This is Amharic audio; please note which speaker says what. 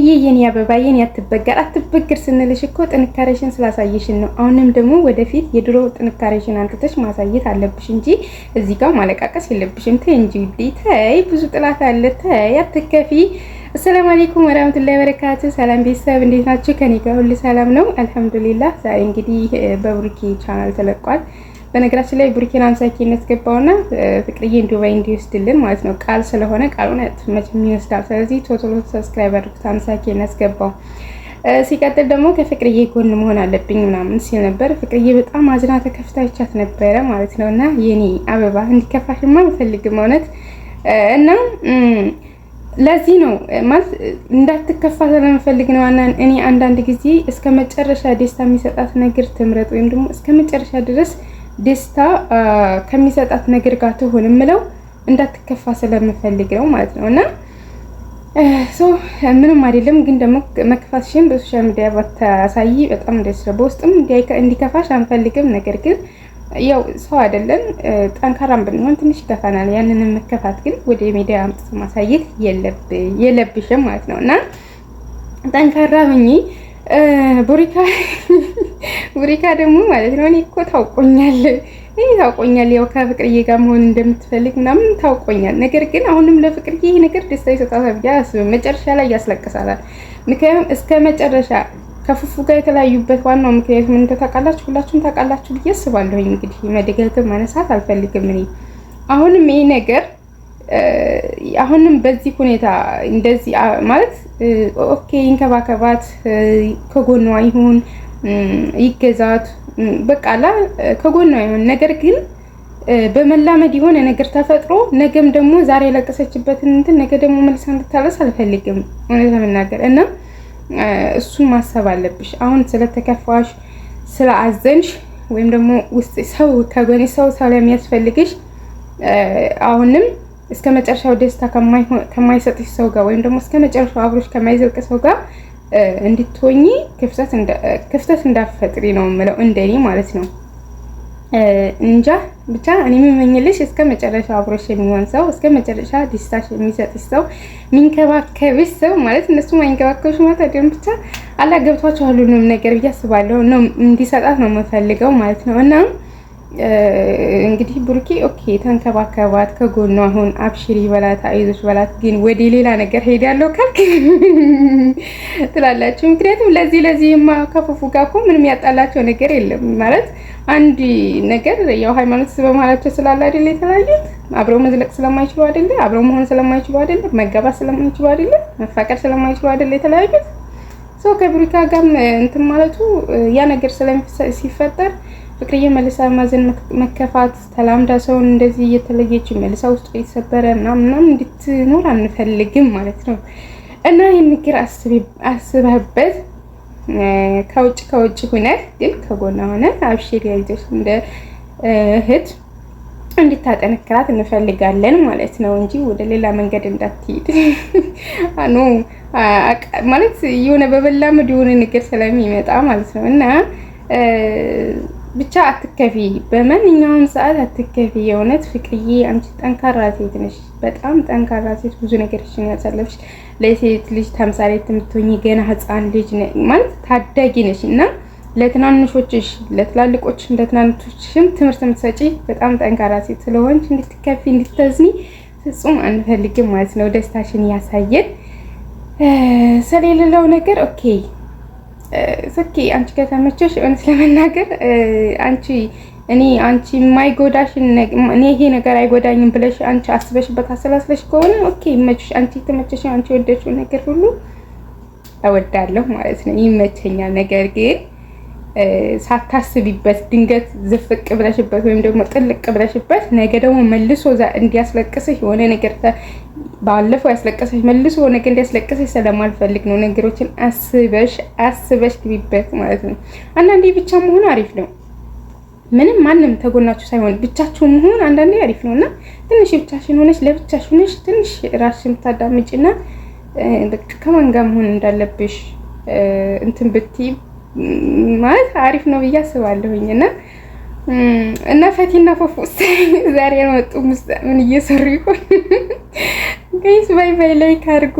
Speaker 1: ይህ የኔ አበባ የኔ አትበገር አትበገር ስንልሽ እኮ ጥንካሬሽን ስላሳየሽን ነው። አሁንም ደግሞ ወደፊት የድሮ ጥንካሬሽን አንጥተሽ ማሳየት አለብሽ እንጂ እዚህ ጋር ማለቃቀስ የለብሽም። ተይ እንጂ ውዴ ተይ፣ ብዙ ጥላት አለ። ተይ አትከፊ። አሰላሙ አለይኩም ወራህመቱላሂ ወበረካቱ። ሰላም ቤተሰብ እንዴት ናችሁ? ከኔ ጋር ሁሉ ሰላም ነው አልሐምዱሊላህ። ዛሬ እንግዲህ በብሩኬ ቻናል ተለቋል። በነገራችን ላይ ቡርኪና አንሳኪ እናስገባውና ፍቅርዬን ዱባይ እንዲወስድልን ማለት ነው። ቃል ስለሆነ ቃሉን መቼም ይወስዳል። ስለዚህ ቶቶሎ ሰብስክራይብ አድርጉት። አንሳኪ እናስገባው። ሲቀጥል ደግሞ ከፍቅርዬ ጎን መሆን አለብኝ ምናምን ሲል ነበር። ፍቅርዬ በጣም አዝና ተከፍታይቻት ይቻት ነበረ ማለት ነው። እና የኔ አበባ እንዲከፋሽማ አልፈልግም እውነት እና ለዚህ ነው ማለት እንዳትከፋ ስለምፈልግ ነው። እኔ አንዳንድ ጊዜ እስከ መጨረሻ ደስታ የሚሰጣት ነገር ትምረጥ ወይም ደግሞ እስከ መጨረሻ ድረስ ደስታ ከሚሰጣት ነገር ጋር ትሆን የምለው እንዳትከፋ ስለምፈልግ ነው ማለት ነው እና ምንም አይደለም። ግን ደግሞ ሽን በሶሻል ሚዲያ ባታሳይ በጣም ደስ ነው። በውስጥም እንዲከፋሽ አንፈልግም። ነገር ግን ያው ሰው አይደለን ጠንካራም ብንሆን ትንሽ ይከፋናል። ያንን መከፋት ግን ወደ ሚዲያ አምጥቶ ማሳየት የለብሽም ማለት ነው እና ጠንካራ ሁኚ። ቡሪካ ደግሞ ማለት ነው እኔ እኮ ታውቆኛል እኔ ታውቆኛል፣ ያው ከፍቅርዬ ጋር መሆን እንደምትፈልግ ምናምን ታውቆኛል። ነገር ግን አሁንም ለፍቅርዬ ይሄ ነገር ደስታ ይሰጣታል ብዬ አስብ፣ መጨረሻ ላይ ያስለቅሳታል። ምክንያቱም እስከ መጨረሻ ከፉፉ ጋር የተለያዩበት ዋናው ምክንያት ምን ታውቃላችሁ? ሁላችሁም ታውቃላችሁ ብዬ አስባለሁኝ። እንግዲህ መደጋገም ማነሳት አልፈልግም እኔ አሁንም ይሄ ነገር አሁንም በዚህ ሁኔታ እንደዚህ ማለት ኦኬ፣ ይንከባከባት፣ ከጎኗ ይሁን፣ ይገዛት፣ በቃላ ከጎኗ ይሁን። ነገር ግን በመላመድ የሆነ ነገር ተፈጥሮ ነገም ደግሞ ዛሬ የለቀሰችበትን እንትን ነገ ደግሞ መልሳ እንድታለስ አልፈልግም፣ እውነት ለመናገር እና እሱን ማሰብ አለብሽ። አሁን ስለተከፋሽ ስለአዘንሽ ወይም ደግሞ ውስጥ ሰው ከጎኔ ሰው ሰው ለሚያስፈልግሽ አሁንም እስከ መጨረሻው ደስታ ከማይሰጥሽ ሰው ጋር ወይም ደግሞ እስከ መጨረሻው አብሮሽ ከማይዘልቅ ሰው ጋር እንድትሆኚ ክፍተት እንዳፈጥሪ ነው የምለው፣ እንደኔ ማለት ነው። እንጃ ብቻ እኔ የምመኝልሽ እስከ መጨረሻ አብሮሽ የሚሆን ሰው፣ እስከ መጨረሻ ደስታሽ የሚሰጥሽ ሰው፣ የሚንከባከብሽ ሰው ማለት እነሱ ማይንከባከብሽ ማለት አይደለም። ብቻ አላገብቷቸው ሁሉንም ነገር ብዬ አስባለሁ እንዲሰጣት ነው የምፈልገው ማለት ነው እና እንግዲህ ብሩኬ ኦኬ ተንከባከባት፣ ከጎኗ አሁን አብሽሪ በላት፣ አይዞች በላት። ግን ወደ ሌላ ነገር ሄዳለሁ ካልክ ትላላችሁ። ምክንያቱም ለዚህ ለዚህማ ከፉፉ ጋር እኮ ምንም ያጣላቸው ነገር የለም ማለት አንድ ነገር ያው ሃይማኖት በመሀላቸው ስላለ አይደለ የተለያዩት። አብረው መዝለቅ ስለማይችሉ አይደለ፣ አብረው መሆን ስለማይችሉ አይደለ፣ መጋባት ስለማይችሉ አይደለ፣ መፋቀር ስለማይችሉ አይደለ የተለያዩት። ሰው ከብሩኬ ጋርም እንትን ማለቱ ያ ነገር ሲፈጠር ፍቅርዬ መልሳ ማዘን መከፋት ተላምዳ ሰውን እንደዚህ እየተለየች መልሳ ውስጡ የተሰበረ ምናምን ምናምን እንድትኖር አንፈልግም ማለት ነው። እና ይህን ንግር አስበህበት ከውጭ ከውጭ ሁነህ ግን ከጎና ሆነ አብሽር ያይዘሽ እንደ እህት እንድታጠነክራት እንፈልጋለን ማለት ነው እንጂ ወደ ሌላ መንገድ እንዳትሄድ አኖ ማለት የሆነ በበላመድ የሆነ ነገር ስለሚመጣ ማለት ነው እና ብቻ አትከፊ፣ በማንኛውም ሰዓት አትከፊ። የእውነት ፍቅርዬ አንቺ ጠንካራ ሴት ነሽ፣ በጣም ጠንካራ ሴት፣ ብዙ ነገርሽን ያሳለፍሽ ለሴት ልጅ ተምሳሌት የምትሆኚ ገና ህፃን ልጅ ማለት ታዳጊ ነሽ እና ለትናንሾችሽ፣ ለትላልቆች፣ ለትናንቶችሽም ትምህርት የምትሰጪ በጣም ጠንካራ ሴት ስለሆንች እንድትከፊ፣ እንድትተዝኒ ፍጹም አንፈልግም ማለት ነው። ደስታሽን ያሳየን ስለሌለው ነገር ኦኬ ስኪ አንቺ ከተመቸሽ እውነት ለመናገር አንቺ እኔ አንቺ የማይጎዳሽን እኔ ይሄ ነገር አይጎዳኝም ብለሽ አንቺ አስበሽበት አሰላስለሽ ከሆነ ኦኬ ይመችሽ። አንቺ ተመቸሽ፣ አንቺ የወደድሽው ነገር ሁሉ እወዳለሁ ማለት ነው፣ ይመቸኛል። ነገር ግን ሳታስቢበት ድንገት ዝፍቅ ብለሽበት ወይም ደግሞ ጥልቅ ብለሽበት ነገ ደግሞ መልሶ እንዲያስለቅስሽ የሆነ ነገር ባለፈው ያስለቀሰች መልሶ ነገ ያስለቀሰች ስለማልፈልግ ነው። ነገሮችን አስበሽ አስበሽ ግቢበት ማለት ነው። አንዳንዴ ብቻ መሆን አሪፍ ነው። ምንም ማንም ተጎናችሁ ሳይሆን ብቻችሁ መሆን አንዳንዴ አሪፍ ነው እና ትንሽ ብቻሽን ሆነች ለብቻሽ ሆነች ትንሽ ራስሽን ታዳምጪና ከማን ጋር መሆን እንዳለብሽ እንትን ብቲ ማለት አሪፍ ነው ብዬ አስባለሁኝ እና እና ፈቲና ፎፎስ ዛሬ ያመጡ ምን እየሰሩ ይሆን? ጋይስ ባይ ባይ፣ ላይክ አድርጉ።